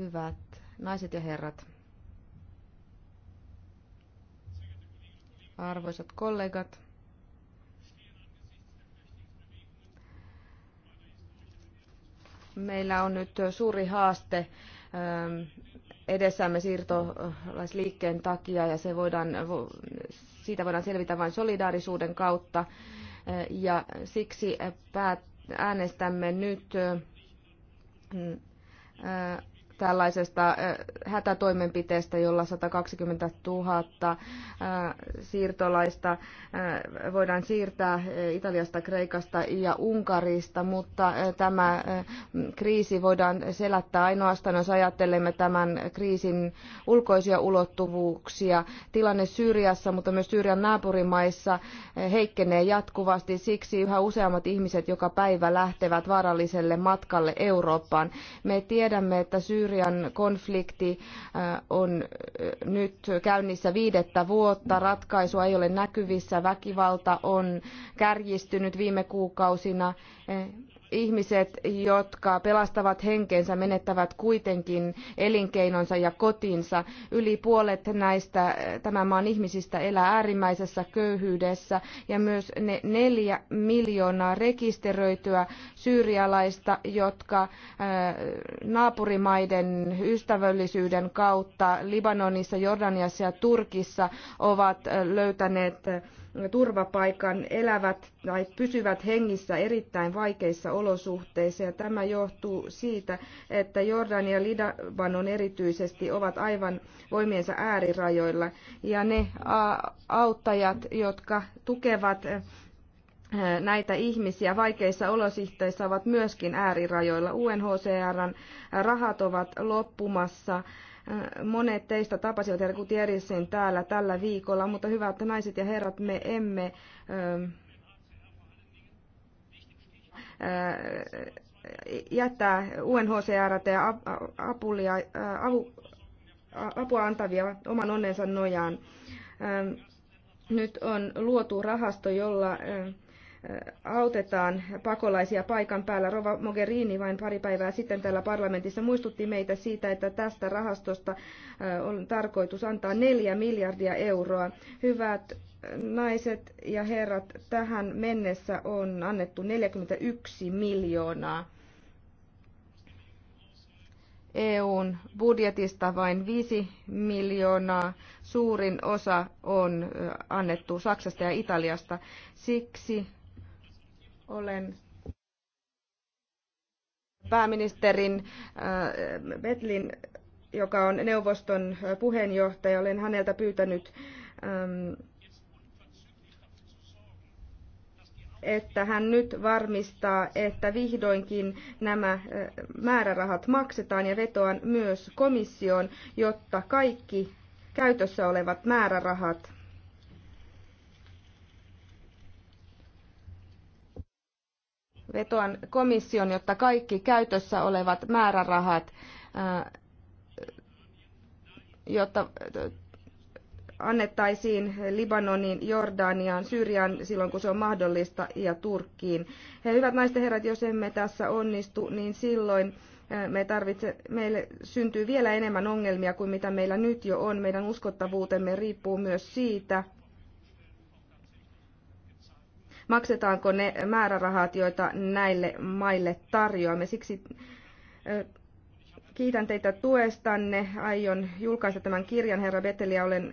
Hyvät naiset ja herrat, arvoisat kollegat, meillä on nyt suuri haaste ähm, edessämme siirtolaisliikkeen takia ja se voidaan, siitä voidaan selvitä vain solidaarisuuden kautta äh, ja siksi äänestämme nyt äh, tällaisesta hätätoimenpiteestä, jolla 120 000 siirtolaista voidaan siirtää Italiasta, Kreikasta ja Unkarista, mutta tämä kriisi voidaan selättää ainoastaan, jos ajattelemme tämän kriisin ulkoisia ulottuvuuksia. Tilanne Syyriassa, mutta myös Syyrian naapurimaissa heikkenee jatkuvasti, siksi yhä useammat ihmiset joka päivä lähtevät vaaralliselle matkalle Eurooppaan. Me tiedämme, että Syyri Syyrian konflikti äh, on äh, nyt käynnissä viidettä vuotta, ratkaisua ei ole näkyvissä, väkivalta on kärjistynyt viime kuukausina äh, ihmiset, jotka pelastavat henkensä, menettävät kuitenkin elinkeinonsa ja kotinsa. Yli puolet näistä tämän maan ihmisistä elää äärimmäisessä köyhyydessä ja myös ne neljä miljoonaa rekisteröityä syyrialaista, jotka äh, naapurimaiden ystävällisyyden kautta Libanonissa, Jordaniassa ja Turkissa ovat äh, löytäneet turvapaikan, elävät tai pysyvät hengissä erittäin vaikeissa olosuhteissa. Ja tämä johtuu siitä, että Jordania ja Libanon erityisesti ovat aivan voimiensa äärirajoilla. Ja ne auttajat, jotka tukevat eh, näitä ihmisiä vaikeissa olosuhteissa ovat myöskin äärirajoilla. UNHCRn rahat ovat loppumassa Monet teistä tapasivat Herra Gutierrezin täällä tällä viikolla, mutta että naiset ja herrat, me emme ähm, äh, jättää UNHCR ja apulia, äh, avu, apua antavia oman onnensa nojaan. Ähm, nyt on luotu rahasto, jolla äh, autetaan pakolaisia paikan päällä. Rova Mogherini vain pari päivää sitten täällä parlamentissa muistutti meitä siitä, että tästä rahastosta on tarkoitus antaa neljä miljardia euroa. Hyvät naiset ja herrat, tähän mennessä on annettu 41 miljoonaa. EUn budjetista vain 5 miljoonaa. Suurin osa on annettu Saksasta ja Italiasta. Siksi olen pääministerin äh, Betlin, joka on neuvoston äh, puheenjohtaja. Olen häneltä pyytänyt, ähm, että hän nyt varmistaa, että vihdoinkin nämä äh, määrärahat maksetaan ja vetoan myös komissioon, jotta kaikki käytössä olevat määrärahat vetoan komission, jotta kaikki käytössä olevat määrärahat, äh, jotta äh, annettaisiin Libanonin, Jordanian, Syyrian silloin kun se on mahdollista ja Turkkiin. He, hyvät naisten herrat, jos emme tässä onnistu, niin silloin äh, me tarvitse, meille syntyy vielä enemmän ongelmia kuin mitä meillä nyt jo on. Meidän uskottavuutemme riippuu myös siitä, maksetaanko ne määrärahat, joita näille maille tarjoamme. Siksi kiitän teitä tuestanne. Aion julkaista tämän kirjan, herra Beteliä, olen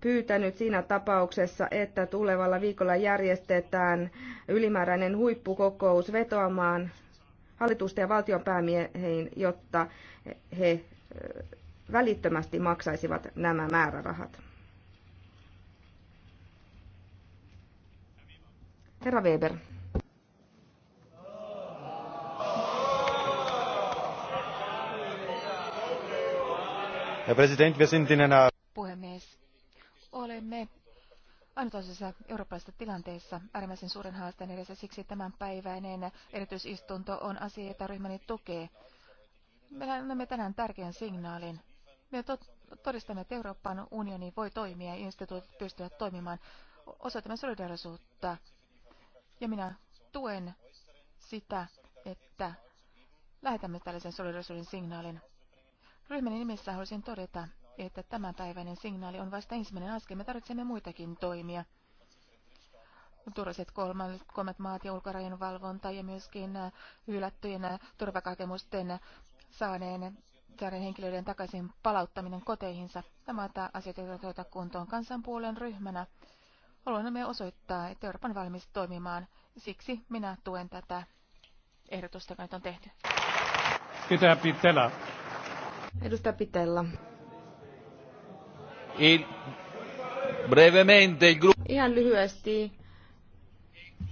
pyytänyt siinä tapauksessa, että tulevalla viikolla järjestetään ylimääräinen huippukokous vetoamaan hallitusten ja valtionpäämiehiin, jotta he välittömästi maksaisivat nämä määrärahat. Herra Weber. Herr Präsident, wir sind in einer... Puhemies, olemme ainutlaatuisessa eurooppalaisessa tilanteessa äärimmäisen suuren haasteen edessä. Siksi tämänpäiväinen erityisistunto on asia, jota ryhmäni tukee. Me annamme tänään tärkeän signaalin. Me todistamme, että Euroopan unioni voi toimia ja instituutit pystyvät toimimaan. Osoitamme solidarisuutta ja minä tuen sitä, että lähetämme tällaisen solidarisuuden signaalin. Ryhmän nimissä haluaisin todeta, että tämänpäiväinen signaali on vasta ensimmäinen askel. Me tarvitsemme muitakin toimia. Turvalliset kolmat maat ja ulkorajan valvonta ja myöskin äh, hylättyjen äh, turvakakemusten äh, saaneen saaren henkilöiden takaisin palauttaminen koteihinsa. Tämä on asiat, joita kuntoon kansanpuolen ryhmänä Haluamme osoittaa, että Euroopan valmis toimimaan. Siksi minä tuen tätä ehdotusta, joka nyt on tehty. Pitää pitellä. Edustaja Pitella. In Brevemente, il Ihan lyhyesti.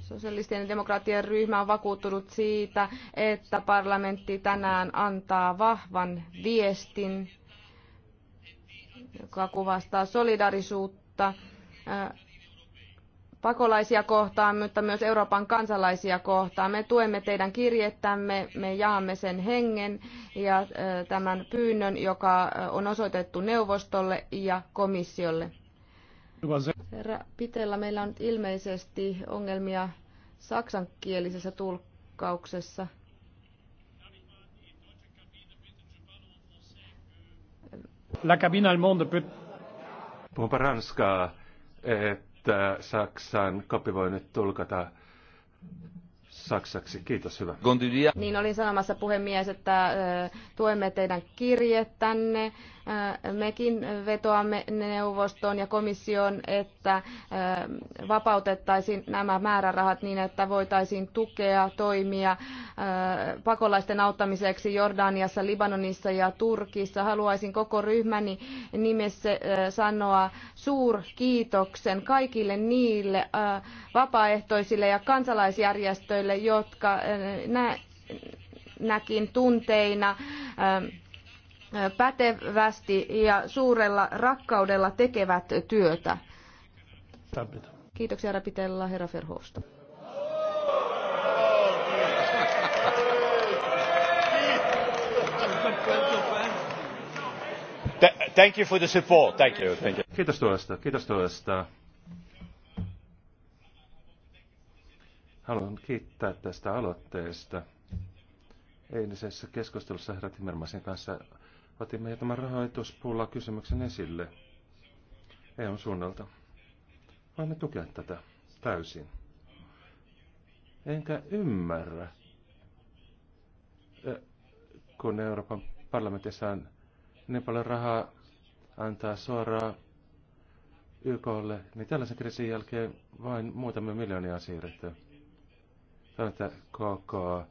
Sosialistien ja demokraattien ryhmä on vakuuttunut siitä, että parlamentti tänään antaa vahvan viestin, joka kuvastaa solidarisuutta pakolaisia kohtaan, mutta myös Euroopan kansalaisia kohtaan. Me tuemme teidän kirjettämme, me jaamme sen hengen ja tämän pyynnön, joka on osoitettu neuvostolle ja komissiolle. Herra Pitellä, meillä on ilmeisesti ongelmia saksankielisessä tulkkauksessa. La cabine allemande peut... Puhunpa ranskaa. Eh, että Saksan kopi voi nyt tulkata saksaksi. Kiitos, hyvä. Niin olin sanomassa puhemies, että tuemme teidän kirjettänne Mekin vetoamme neuvostoon ja komissioon, että vapautettaisiin nämä määrärahat niin, että voitaisiin tukea toimia pakolaisten auttamiseksi Jordaniassa, Libanonissa ja Turkissa. Haluaisin koko ryhmäni nimessä sanoa suurkiitoksen kaikille niille vapaaehtoisille ja kansalaisjärjestöille, jotka näkin tunteina pätevästi ja suurella rakkaudella tekevät työtä. Kiitoksia Rapitella, herra Thank you for the support. Thank you. Thank you. Kiitos tuosta. Kiitos tuosta. Haluan kiittää tästä aloitteesta. Eilisessä keskustelussa herra timmermansin kanssa otimme jo tämän etuspuulla kysymyksen esille EUn suunnalta. Voimme tukea tätä täysin. Enkä ymmärrä, kun Euroopan parlamentissa on niin paljon rahaa antaa suoraan YKlle, niin tällaisen kriisin jälkeen vain muutamia miljoonia on siirretty. Tämä koko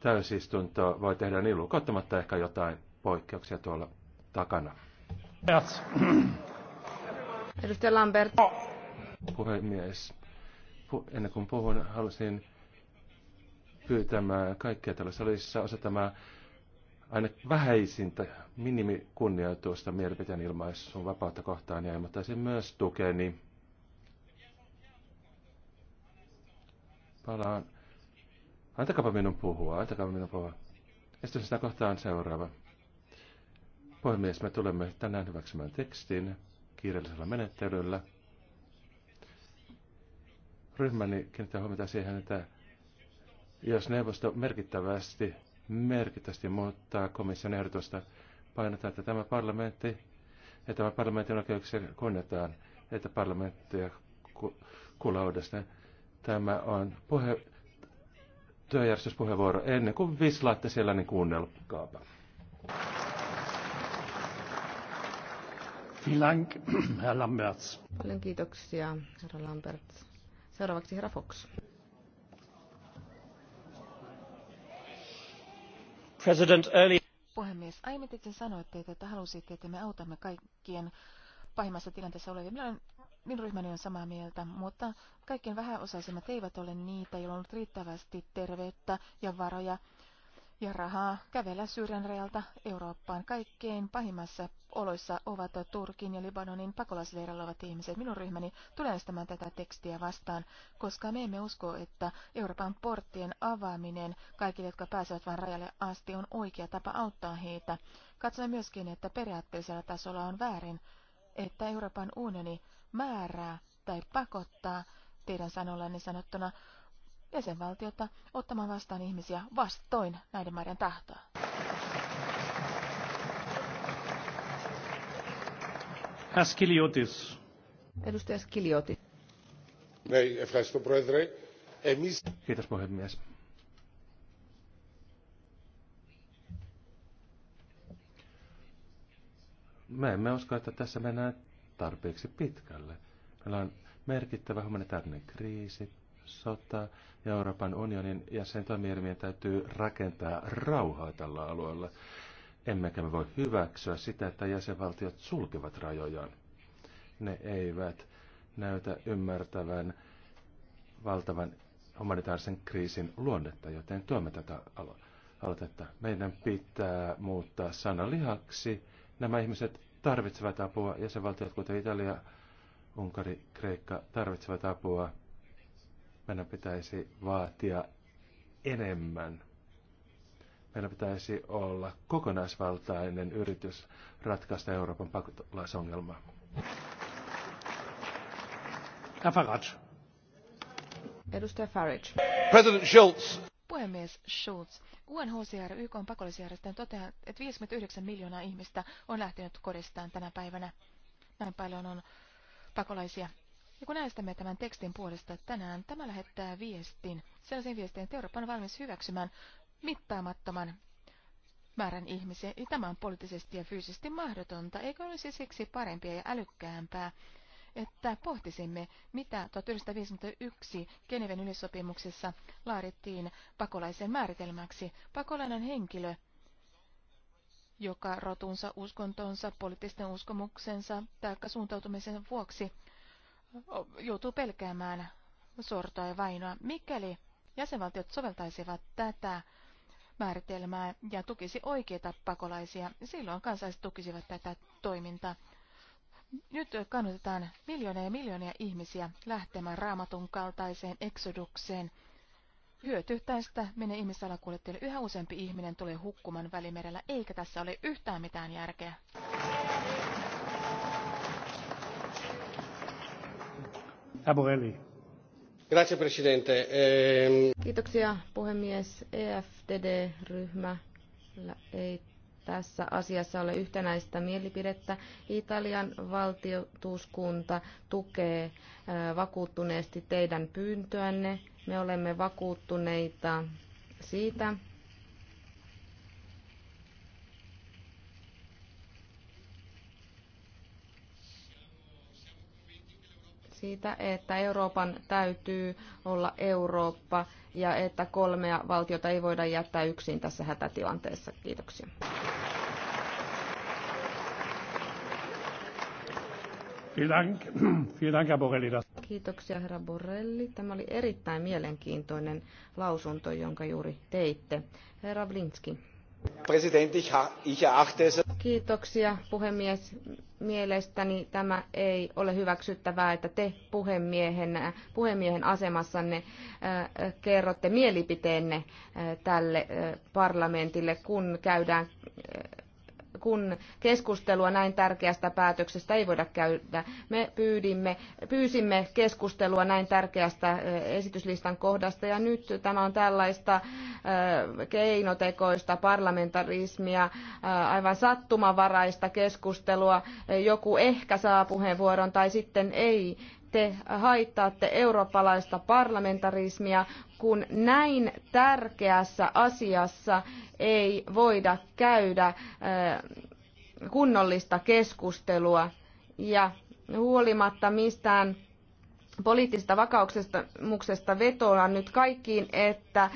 täysistunto voi tehdä niin kattamatta ehkä jotain poikkeuksia tuolla takana. Edustaja Lambert. Oh. Puhemies, pu- ennen kuin puhun, halusin pyytämään kaikkia täällä salissa osoittamaan aina vähäisintä minimikunnioitusta mielipiteen ilmaisun vapautta kohtaan ja ilmoittaisin myös tukeni. Palaan. Antakaa minun puhua, antakaa minun puhua. Esitys sitä kohtaan seuraava. Puhemies, me tulemme tänään hyväksymään tekstin kiireellisellä menettelyllä. Ryhmäni kiinnittää huomiota siihen, että jos neuvosto merkittävästi, merkittävästi muuttaa komission ehdotusta, painotetaan, että tämä parlamentti ja tämä parlamentin oikeuksia kunnetaan, että parlamenttia ku, kuulla uudestaan. Tämä on puhe, työjärjestyspuheenvuoro. Ennen kuin vislaatte siellä, niin kuunnelkaapa. Dank, Herr Lamberts. Paljon kiitoksia, herra Lamberts. Seuraavaksi herra Fox. President, early... Puhemies, aiemmin te sanoitte, että halusitte, että me autamme kaikkien pahimmassa tilanteessa olevia. Minä olen, minun ryhmäni on samaa mieltä, mutta kaikkien vähäosaisimmat eivät ole niitä, joilla on ollut riittävästi terveyttä ja varoja ja rahaa kävellä Syyrian rajalta Eurooppaan. Kaikkein pahimmassa oloissa ovat Turkin ja Libanonin pakolaisleirillä olevat ihmiset. Minun ryhmäni tulee estämään tätä tekstiä vastaan, koska me emme usko, että Euroopan porttien avaaminen kaikille, jotka pääsevät vain rajalle asti, on oikea tapa auttaa heitä. Katsomme myöskin, että periaatteellisella tasolla on väärin, että Euroopan unioni määrää tai pakottaa, teidän sanollanne sanottuna, jäsenvaltiota ottamaan vastaan ihmisiä vastoin näiden maiden tahtoa. Äskiliotis. Edustaja Skilioti. Kiitos puhemies. Me emme usko, että tässä mennään tarpeeksi pitkälle. Meillä on merkittävä humanitaarinen kriisi, sota ja Euroopan unionin ja sen toimielimien täytyy rakentaa rauhaa tällä alueella. Emmekä me voi hyväksyä sitä, että jäsenvaltiot sulkevat rajojaan. Ne eivät näytä ymmärtävän valtavan humanitaarisen kriisin luonnetta, joten tuomme tätä aloitetta. Meidän pitää muuttaa sana lihaksi. Nämä ihmiset tarvitsevat apua, jäsenvaltiot kuten Italia, Unkari, Kreikka tarvitsevat apua. Meidän pitäisi vaatia enemmän. Meillä pitäisi olla kokonaisvaltainen yritys ratkaista Euroopan pakolaisongelmaa. Farage. Edustaja Farage. President Schultz. Puhemies Schultz. UNHCR YK on pakolaisjärjestön toteaa, että 59 miljoonaa ihmistä on lähtenyt kodistaan tänä päivänä. Näin paljon on pakolaisia ja kun äänestämme tämän tekstin puolesta tänään, tämä lähettää viestin, sellaisen viestin, että Eurooppa on valmis hyväksymään mittaamattoman määrän ihmisiä, ja tämä on poliittisesti ja fyysisesti mahdotonta, eikö olisi siksi parempia ja älykkäämpää, että pohtisimme, mitä 1951 Geneven yleissopimuksessa laadittiin pakolaisen määritelmäksi. Pakolainen henkilö, joka rotunsa, uskontonsa, poliittisten uskomuksensa tai suuntautumisen vuoksi joutuu pelkäämään sortoa ja vainoa. Mikäli jäsenvaltiot soveltaisivat tätä määritelmää ja tukisi oikeita pakolaisia, silloin kansalaiset tukisivat tätä toimintaa. Nyt kannustetaan miljoonia ja miljoonia ihmisiä lähtemään raamatun kaltaiseen eksodukseen. Hyöty tästä menee ihmissalakuljettajille. Yhä useampi ihminen tulee hukkumaan välimerellä, eikä tässä ole yhtään mitään järkeä. arvoisa ehm, Kiitoksia puhemies. EFDD-ryhmä ei tässä asiassa ole yhtenäistä mielipidettä. Italian valtuuskunta tukee vakuuttuneesti teidän pyyntöänne. Me olemme vakuuttuneita siitä, siitä, että Euroopan täytyy olla Eurooppa ja että kolmea valtiota ei voida jättää yksin tässä hätätilanteessa. Kiitoksia. Kiitoksia herra Borrelli. Tämä oli erittäin mielenkiintoinen lausunto, jonka juuri teitte. Herra Blinski. Kiitoksia puhemies. Mielestäni tämä ei ole hyväksyttävää, että te puhemiehen, puhemiehen asemassanne äh, kerrotte mielipiteenne äh, tälle äh, parlamentille, kun käydään äh, kun keskustelua näin tärkeästä päätöksestä ei voida käydä. Me pyydimme, pyysimme keskustelua näin tärkeästä esityslistan kohdasta ja nyt tämä on tällaista keinotekoista parlamentarismia, aivan sattumavaraista keskustelua. Joku ehkä saa puheenvuoron tai sitten ei te haittaatte eurooppalaista parlamentarismia, kun näin tärkeässä asiassa ei voida käydä eh, kunnollista keskustelua ja huolimatta mistään poliittisesta vakauksesta vetoan nyt kaikkiin, että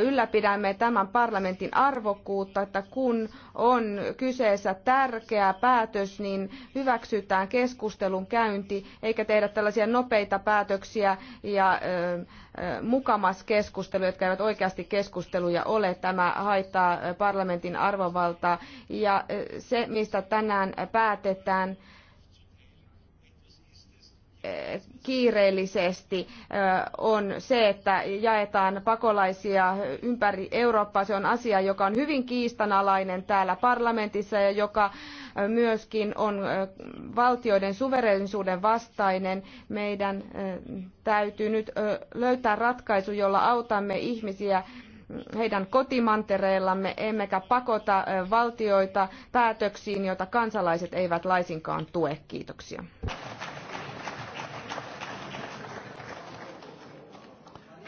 ylläpidämme tämän parlamentin arvokkuutta, että kun on kyseessä tärkeä päätös, niin hyväksytään keskustelun käynti, eikä tehdä tällaisia nopeita päätöksiä ja mukamas keskusteluja, jotka eivät oikeasti keskusteluja ole. Tämä haittaa parlamentin arvovaltaa ja se, mistä tänään päätetään, kiireellisesti on se, että jaetaan pakolaisia ympäri Eurooppaa. Se on asia, joka on hyvin kiistanalainen täällä parlamentissa ja joka myöskin on valtioiden suverenisuuden vastainen. Meidän täytyy nyt löytää ratkaisu, jolla autamme ihmisiä mm, heidän kotimantereellamme, emmekä pakota valtioita päätöksiin, joita kansalaiset eivät laisinkaan tue. Kiitoksia.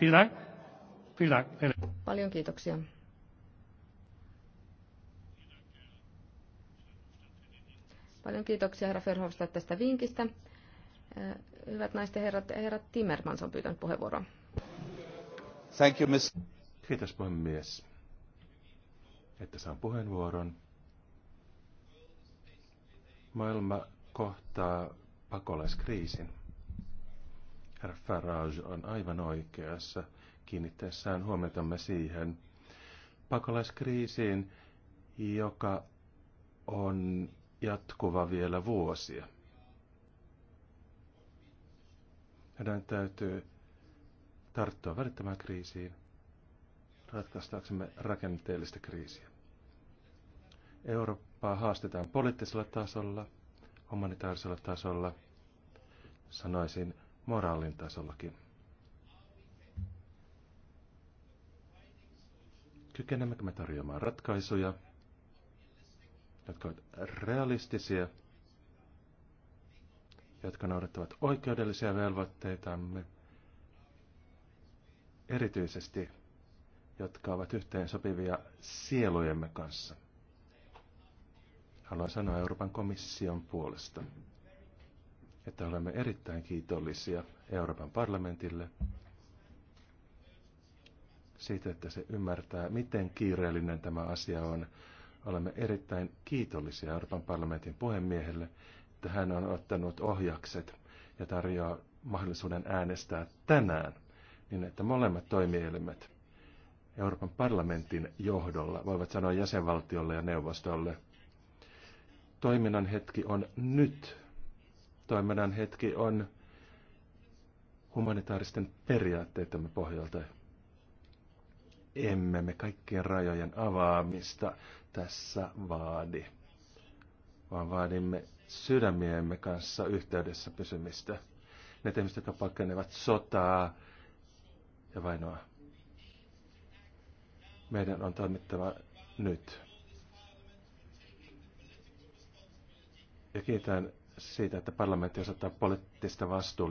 Vielen Dank. Vielen Dank. Paljon kiitoksia. Paljon kiitoksia herra Ferhofstadt tästä vinkistä. Äh, hyvät naiset ja herrat, herra Timmermans on pyytänyt puheenvuoroa. Thank you, miss. Kiitos puhemies, että saan puheenvuoron. Maailma kohtaa pakolaiskriisin. Herra Farage on aivan oikeassa kiinnittäessään huomiotamme siihen pakolaiskriisiin, joka on jatkuva vielä vuosia. Meidän täytyy tarttua välittämään kriisiin ratkaistaaksemme rakenteellista kriisiä. Eurooppaa haastetaan poliittisella tasolla, humanitaarisella tasolla, sanoisin moraalin tasollakin. Kykenemmekö me tarjoamaan ratkaisuja, jotka ovat realistisia, jotka noudattavat oikeudellisia velvoitteitamme, erityisesti jotka ovat yhteen sopivia sielujemme kanssa. Haluan sanoa Euroopan komission puolesta että olemme erittäin kiitollisia Euroopan parlamentille siitä, että se ymmärtää, miten kiireellinen tämä asia on. Olemme erittäin kiitollisia Euroopan parlamentin puhemiehelle, että hän on ottanut ohjakset ja tarjoaa mahdollisuuden äänestää tänään, niin että molemmat toimielimet Euroopan parlamentin johdolla voivat sanoa jäsenvaltiolle ja neuvostolle, toiminnan hetki on nyt toiminnan hetki on humanitaaristen periaatteitamme pohjalta. Emme me kaikkien rajojen avaamista tässä vaadi, vaan vaadimme sydämiemme kanssa yhteydessä pysymistä. Ne ihmiset, jotka pakenevat sotaa ja vainoa. Meidän on toimittava nyt. Ja kiitän siitä, että parlamentti osoittaa poliittista vastuuta.